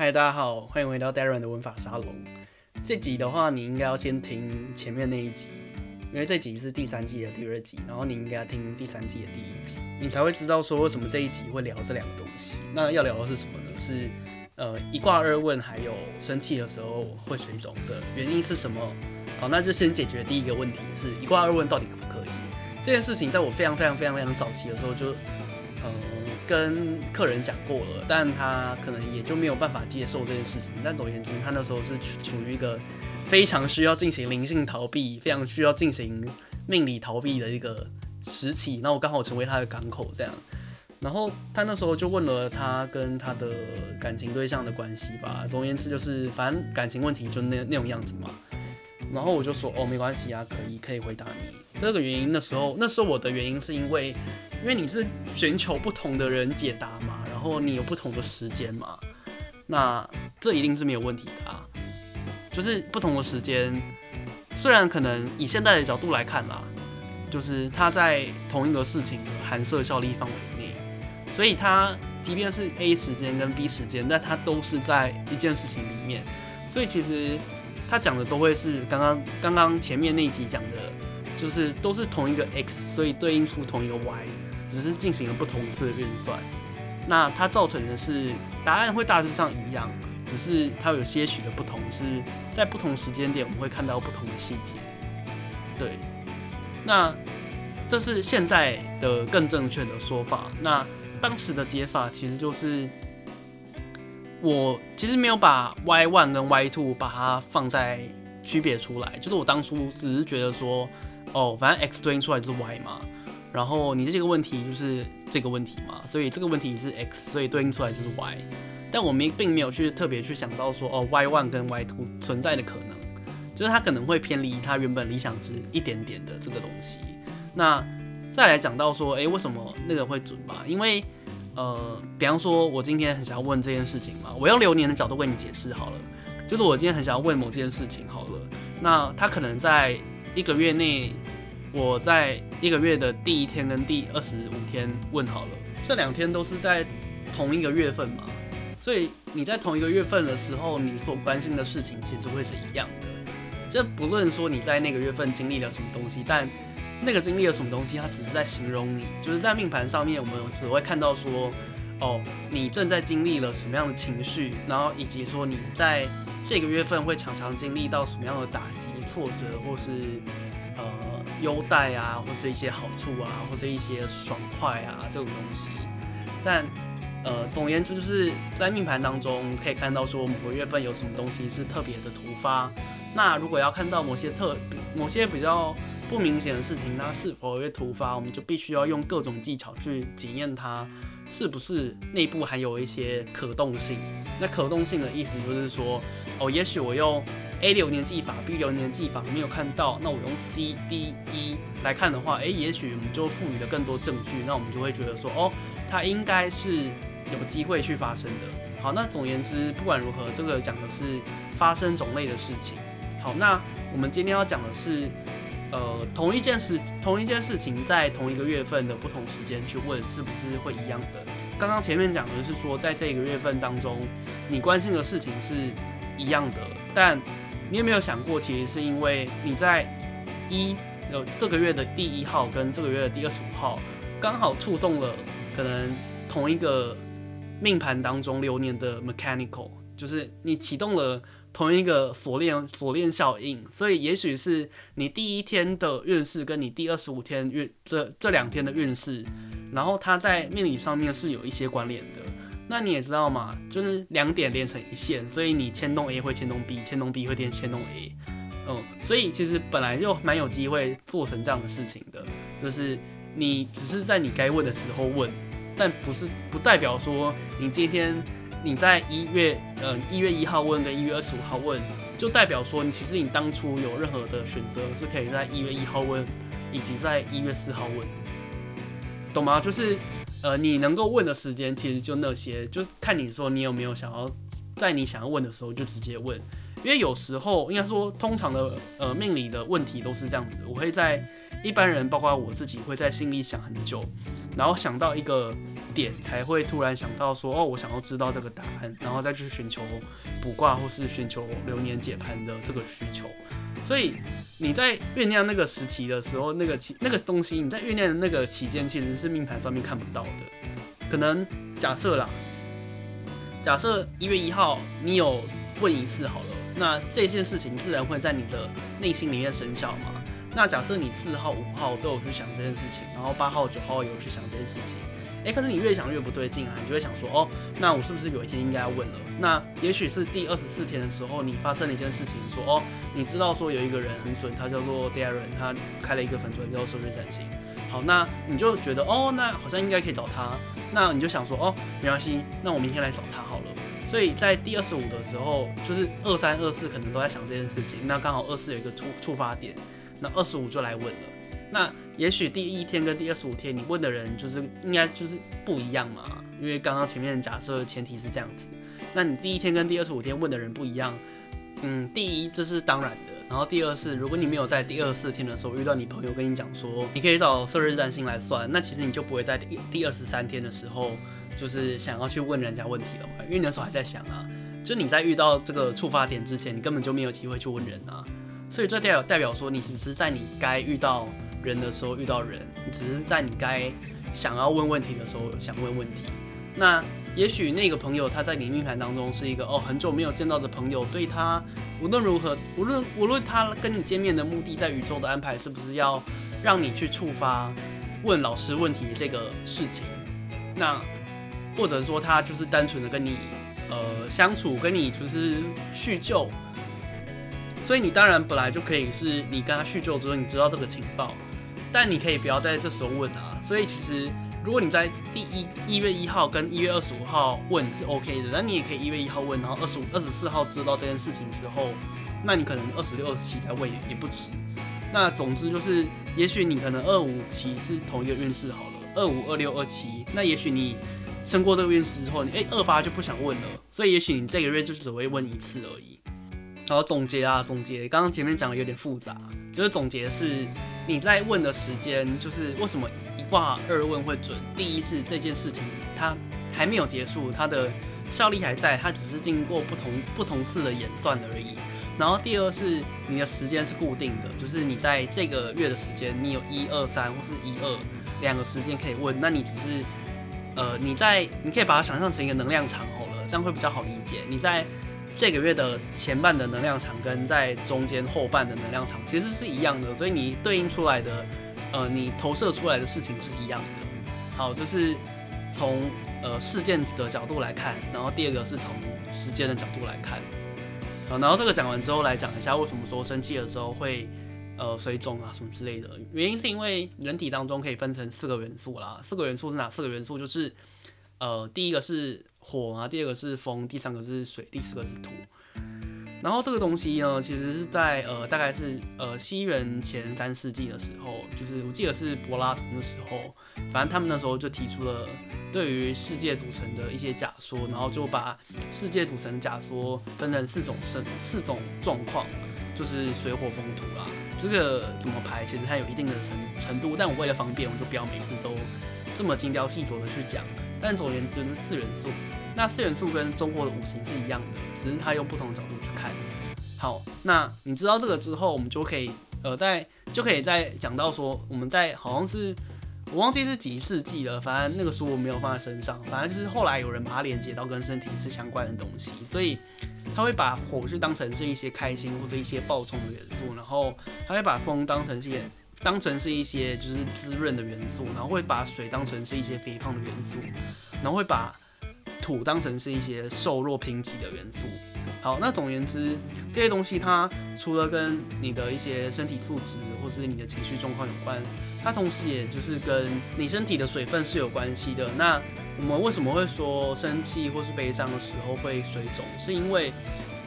嗨，Hi, 大家好，歡迎回到 Darren 的文法沙龍。這集的話，你應該要先聽前面那一集，因為這集是第三季的第二集，然後你應該要聽第三季的第一集，你才會知道說為什麼這一集會聊這兩個東西。那要聊的是什麼呢？是呃一卦二問，還有生氣的時候會水腫的原因是什麼？好，那就先解決第一個問題，是一卦二問到底可不可以？這件事情在我非常非常非常非常早期的時候就。跟客人講過了，但他可能也就沒有辦法接受這件事情。但總而言之，他那時候是處於一個非常需要進行靈性逃避、非常需要進行命理逃避的一個時期。那我剛好成為他的港口，這樣。然後他那時候就問了他跟他的感情對象的關係吧。總而言之，就是反正感情問題就那那種樣子嘛。然後我就說哦，沒關係啊，可以可以回答你。那個原因的時候，那時候我的原因是因為，因為你是尋求不同的人解答嘛，然後你有不同的時間嘛，那這一定是沒有問題的啊。就是不同的時間，雖然可能以現在的角度來看啦，就是他在同一個事情的含攝效力範圍內，所以他即便是 A 時間跟 B 時間，但他都是在一件事情裡面，所以其實他講的都會是剛剛剛剛前面那集講的。就是都是同一個 x，所以對應出同一個 y，只是進行了不同次的運算。那它造成的是答案會大致上一樣，只、就是它有些許的不同，是在不同時間點我們會看到不同的細節。對，那這是現在的更正確的說法。那當時的解法其實就是我其實沒有把 y one 跟 y two 把它放在區別出來，就是我當初只是覺得說。哦，反正 x 對應出來就是 y 嘛，然後你的這個問題就是這個問題嘛，所以這個問題是 x，所以對應出來就是 y，但我們並沒有去特別去想到說，哦，y one 跟 y two 存在的可能，就是它可能會偏離它原本理想值一點點的這個東西。那再來講到說，誒，為什麼那個會準吧？因為，呃，比方說我今天很想要問這件事情嘛，我用流年的角度為你解釋好了，就是我今天很想要問某件事情好了，那它可能在。一個月內，我在一個月的第一天跟第二十五天問好了，這兩天都是在同一個月份嘛，所以你在同一個月份的時候，你所關心的事情其實會是一樣的。這不論說你在那個月份經歷了什麼東西，但那個經歷了什麼東西，它只是在形容你，就是在命盤上面，我們只會看到說，哦，你正在經歷了什麼樣的情緒，然後以及說你在，這個月份會常常經歷到什麼樣的打擊、挫折，或是呃優待啊，或是一些好處啊，或是一些爽快啊，這種東西。但呃，總而言之就是在命盤當中可以看到說某個月份有什麼東西是特別的突發。那如果要看到某些特別，某些比較不明顯的事情，那是否會突發，我們就必須要用各種技巧去檢驗它是不是內部還有一些可動性。那可動性的意思就是說，哦，也許我用 A 流年技法、B 流年技法沒有看到，那我用 C、D、E 來看的話，誒、欸，也許我們就賦予了更多證據，那我們就會覺得說，哦，它應該是有機會去發生的。好，那總而言之，不管如何，這個講的是發生種類的事情。好，那我們今天要講的是，呃，同一件事，同一件事情在同一個月份的不同時間去問，是不是會一樣的？剛剛前面講的是說，在這個月份當中，你關心的事情是。一樣的，但你有沒有想過，其實是因為你在一、呃、有這個月的第一號跟這個月的第二十五號，剛好觸動了可能同一個命盤當中流年的 mechanical，就是你啟動了同一個鎖鏈鎖鏈效應，所以也許是你第一天的運勢跟你第二十五天運這這兩天的運勢，然後它在命理上面是有一些關聯的。那你也知道嘛，就是兩點連成一線，所以你牽動 A 會牽動 B，牽動 B 會牽牽動 A，嗯，所以其實本來就蠻有機會做成這樣的事情的，就是你只是在你該問的時候問，但不是不代表說你今天你在一月，嗯、呃，一月一號問跟一月二十五號問，就代表說你其實你當初有任何的選擇是可以在一月一號問，以及在一月四號問，懂嗎？就是。呃，你能夠問的時間其實就那些，就看你說你有沒有想要在你想要問的時候就直接問，因為有時候應該說通常的呃命理的問題都是這樣子的，我會在。一般人包括我自己會在心裡想很久，然後想到一個點才會突然想到說哦，我想要知道這個答案，然後再去尋求卜卦或是尋求流年解盤的這個需求。所以你在醞釀那個時期的時候，那個期那個東西你在醞釀的那個期間其實是命盤上面看不到的。可能假設啦，假設1月1號你有問一次好了，那這件事情自然會在你的內心裡面生效嘛。那假設你四號、五號都有去想這件事情，然後八號、九號也有去想這件事情，哎、欸，可是你越想越不對勁啊，你就會想說，哦，那我是不是有一天應該要問了？那也許是第二十四天的時候，你發生了一件事情，說，哦，你知道說有一個人很準，他叫做 Darren，他開了一個粉專叫做是不是占星。好，那你就覺得，哦，那好像應該可以找他。那你就想說，哦，沒關係，那我明天來找他好了。所以在第二十五的時候，就是二三二四可能都在想這件事情。那剛好二四有一個觸觸發點。那二十五就來問了，那也許第一天跟第二十五天你問的人就是應該就是不一樣嘛，因為剛剛前面假設前提是這樣子，那你第一天跟第二十五天問的人不一樣，嗯，第一這是當然的，然後第二是如果你沒有在第二四天的時候遇到你朋友跟你講說你可以找設日占星來算，那其實你就不會在第第二十三天的時候就是想要去問人家問題了嘛，因為你那時候還在想啊，就你在遇到這個觸發點之前，你根本就沒有機會去問人啊。所以這代表，代表說，你只是在你該遇到人的時候遇到人，你只是在你該想要問問題的時候想問問題。那也許那個朋友他在你命盤當中是一個哦很久沒有見到的朋友，所以他無論如何，無論無論他跟你見面的目的，在宇宙的安排是不是要讓你去觸發問老師問題的這個事情？那或者說他就是單純的跟你呃相處，跟你就是敘舊。所以你當然本來就可以是你跟他敘舊之後，你知道這個情報，但你可以不要在這時候問啊。所以其實如果你在第一一月一號跟一月二十五號問是 OK 的，那你也可以一月一號問，然後二十五二十四號知道這件事情之後，那你可能二十六、二十七再問也，也不遲。那總之就是，也許你可能二五、七是同一個運勢好了，二五、二六、二七，那也許你撐過這個運勢之後，哎，二八就不想問了。所以也許你這個月就只會問一次而已。然後總結啊，總結，剛剛前面講的有點複雜，就是總結是你在問的時間，就是為什麼一卦二問會準？第一是這件事情它還沒有結束，它的效力還在，它只是經過不同不同次的演算而已。然後第二是你的時間是固定的，就是你在這個月的時間，你有一二三或是一二兩個時間可以問，那你只是呃，你在你可以把它想象成一個能量場好了，這樣會比較好理解。你在。這個月的前半的能量場跟在中間後半的能量場其實是一樣的，所以你對應出來的，呃，你投射出來的事情是一樣的。好，這是從呃事件的角度來看，然後第二個是從時間的角度來看。好，然後這個講完之後來講一下為什麼說生氣的時候會呃水腫啊什麼之類的，原因是因為人體當中可以分成四個元素啦，四個元素是哪四個元素？就是呃第一個是。火啊，第二個是風，第三個是水，第四個是土。然後這個東西呢，其實是在呃，大概是呃，西元前三世紀的時候，就是我記得是柏拉圖的時候，反正他們那時候就提出了對於世界組成的一些假說，然後就把世界組成的假說分成四種生四種狀況，就是水火風土啦。這個怎麼排，其實它有一定的程程度，但我為了方便，我就不要每次都這麼精雕細琢的去講。但總而言之，四元素。那四元素跟中國的五行是一樣的，只是它用不同的角度去看。好，那你知道這個之後，我們就可以，呃，在就可以在講到說，我們在好像是我忘記是幾世紀了，反正那個書我沒有放在身上，反正就是後來有人把它連接到跟身體是相關的東西，所以他會把火是當成是一些開心或者一些暴衝的元素，然後他會把風當成是當成是一些就是滋潤的元素，然後會把水當成是一些肥胖的元素，然後會把。土當成是一些瘦弱貧瘠的元素。好，那總而言之，這些東西它除了跟你的一些身體素質或是你的情緒狀況有關，它同時也就是跟你身體的水分是有關係的。那我們為什麼會說生氣或是悲傷的時候會水腫？是因為，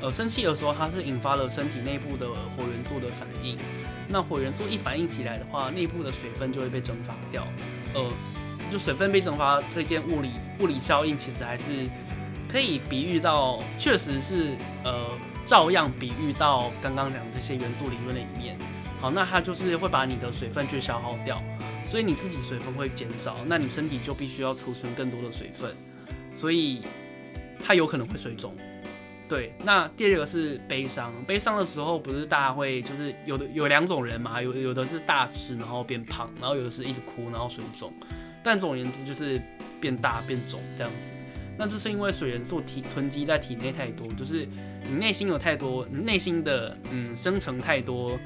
呃，生氣的時候它是引發了身體內部的火元素的反應。那火元素一反應起來的話，內部的水分就會被蒸發掉。呃。就水分被蒸發這件物理物理效應，其實還是可以比喻到，確實是呃，照樣比喻到剛剛講的這些元素理論的一面。好，那它就是會把你的水分去消耗掉，所以你自己水分會減少，那你身體就必須要儲存更多的水分，所以它有可能會水腫。對，那第二個是悲傷，悲傷的時候不是大家會就是有的有兩種人嘛，有有的是大吃然後變胖，然後有的是一直哭然後水腫。但總而言之，就是變大變腫這樣子。那這是因為水元素體囤積在體內太多，就是你內心有太多，你內心的嗯生成太多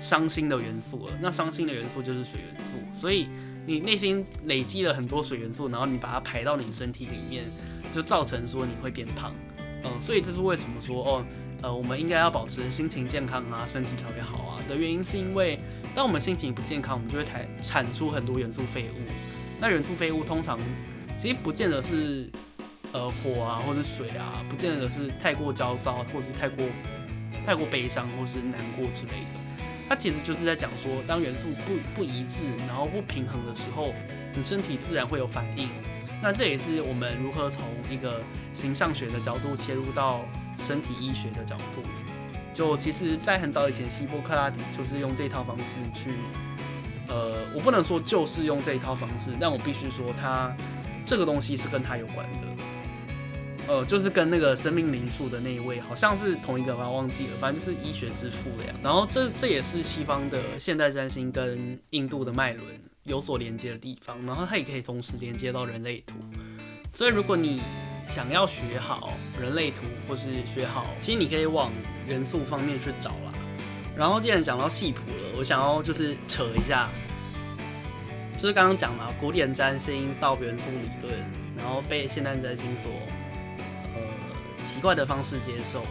傷心的元素了。那傷心的元素就是水元素，所以你內心累積了很多水元素，然後你把它排到你身體裡面，就造成說你會變胖。嗯，所以這是為什麼說哦，呃，我們應該要保持心情健康啊，身體才會好啊的原因，是因為當我們心情不健康，我們就會才產出很多元素廢物。那元素飛物通常其實不見得是呃火啊，或者是水啊，不見得是太過焦躁，或者是太過太過悲傷，或者是難過之類的。它其實就是在講說，當元素不不一致，然後不平衡的時候，你身體自然會有反應。那這也是我們如何從一個形上學的角度切入到身體醫學的角度。就其實，在很早以前，希波克拉底就是用這套方式去。呃，我不能說就是用這一套方式，但我必須說它，它這個東西是跟它有關的。呃，就是跟那個生命靈數的那一位，好像是同一個，吧，忘記了，反正就是醫學之父的樣。然後這這也是西方的現代占星跟印度的脈輪有所連接的地方。然後它也可以同時連接到人類圖。所以如果你想要學好人類圖，或是學好，其實你可以往元素方面去找啦。然後既然講到系譜了，我想要就是扯一下，就是剛剛講嘛，啊，古典占星到元素理論，然後被現代占星所呃奇怪的方式接受。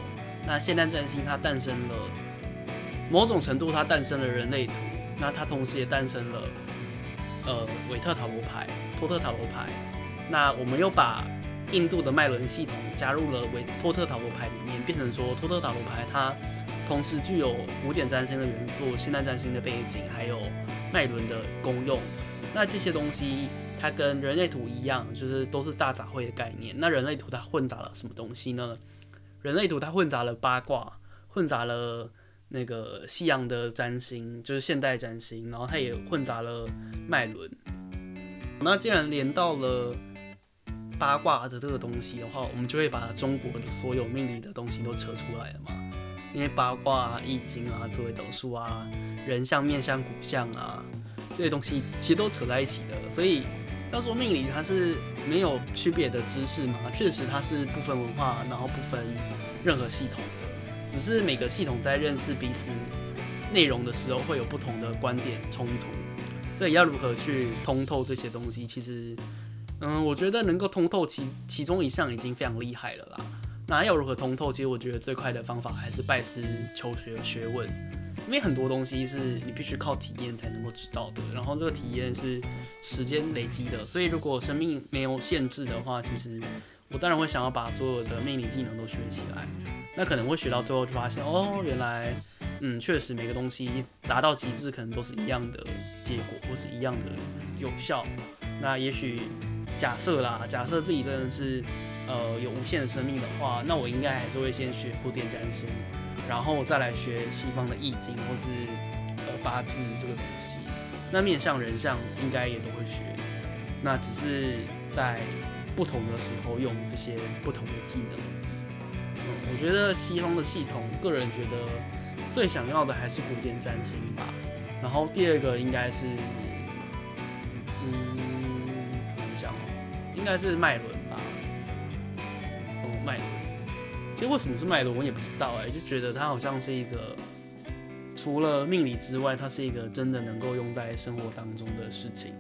那現代占星它誕生了，某種程度它誕生了人類圖。那它同時也誕生了呃韋特塔羅牌、托特塔羅牌。那我們又把印度的脈輪系統加入了韋托特塔羅牌裡面，變成說托特塔羅牌它。同時具有古典占星的元素、現代占星的背景，還有脈輪的功用。那這些東西，它跟人類圖一樣，就是都是大雜燴的概念。那人類圖它混雜了什麼東西呢？人類圖它混雜了八卦，混雜了那個西洋的占星，就是現代占星，然後它也混雜了脈輪。那既然連到了八卦的這個東西的話，我們就會把中國的所有命理的東西都扯出來了嘛。因為八卦、啊、易經啊，作為斗數啊，人相、面相、骨相啊，這些東西其實都扯在一起的。所以要說命理，它是沒有區別的知識嘛？確實，它是不分文化，然後不分任何系統的，只是每個系統在認識彼此內容的時候，會有不同的觀點衝突。所以要如何去通透這些東西？其實，嗯，我覺得能夠通透其其中一項，已經非常厲害了啦。那要如何通透？其實我覺得最快的方法還是拜師求學學問，因為很多東西是你必須靠體驗才能夠知道的。然後這個體驗是時間累積的，所以如果生命沒有限制的話，其實我當然會想要把所有的命理技能都學起來。那可能會學到最後就發現，哦，原來，嗯，確實每個東西達到極致，可能都是一樣的結果，或是一樣的有效。那也許假設啦，假設自己真的是。呃，有無限的生命的話，那我應該還是會先學古典占星，然後再來學西方的易經或是呃八字這個東西。那面相、人相應該也都會學，那只是在不同的時候用這些不同的技能。嗯，我覺得西方的系統，個人覺得最想要的還是古典占星吧。然後第二個應該是，嗯，想哦，應該是脈輪。其實為什麼是脈輪，我也不知道哎、欸，就覺得它好像是一個除了命理之外，它是一個真的能夠用在生活當中的事情，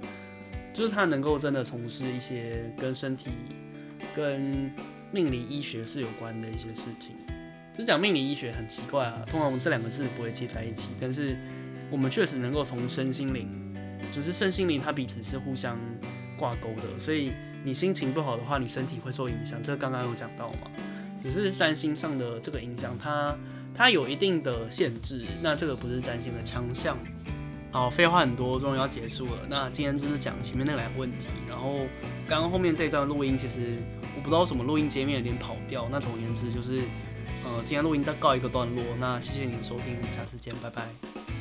就是它能夠真的從事一些跟身體、跟命理醫學是有關的一些事情。就講命理醫學很奇怪啊，通常我們這兩個字不會接在一起，但是我們確實能夠從身心靈，就是身心靈它彼此是互相掛鈎的，所以，你心情不好的話，你身體會受影響，這個、剛剛有講到嘛？只是占星上的這個影響，它它有一定的限制。那這個不是占星的強項。好，廢話很多，終於要結束了。那今天就是講前面那兩個問題，然後剛剛後面這段錄音，其實我不知道什麼錄音界面有點跑掉。那總而言之就是，呃，今天錄音再告一個段落。那謝謝你的收聽，下次見，拜拜。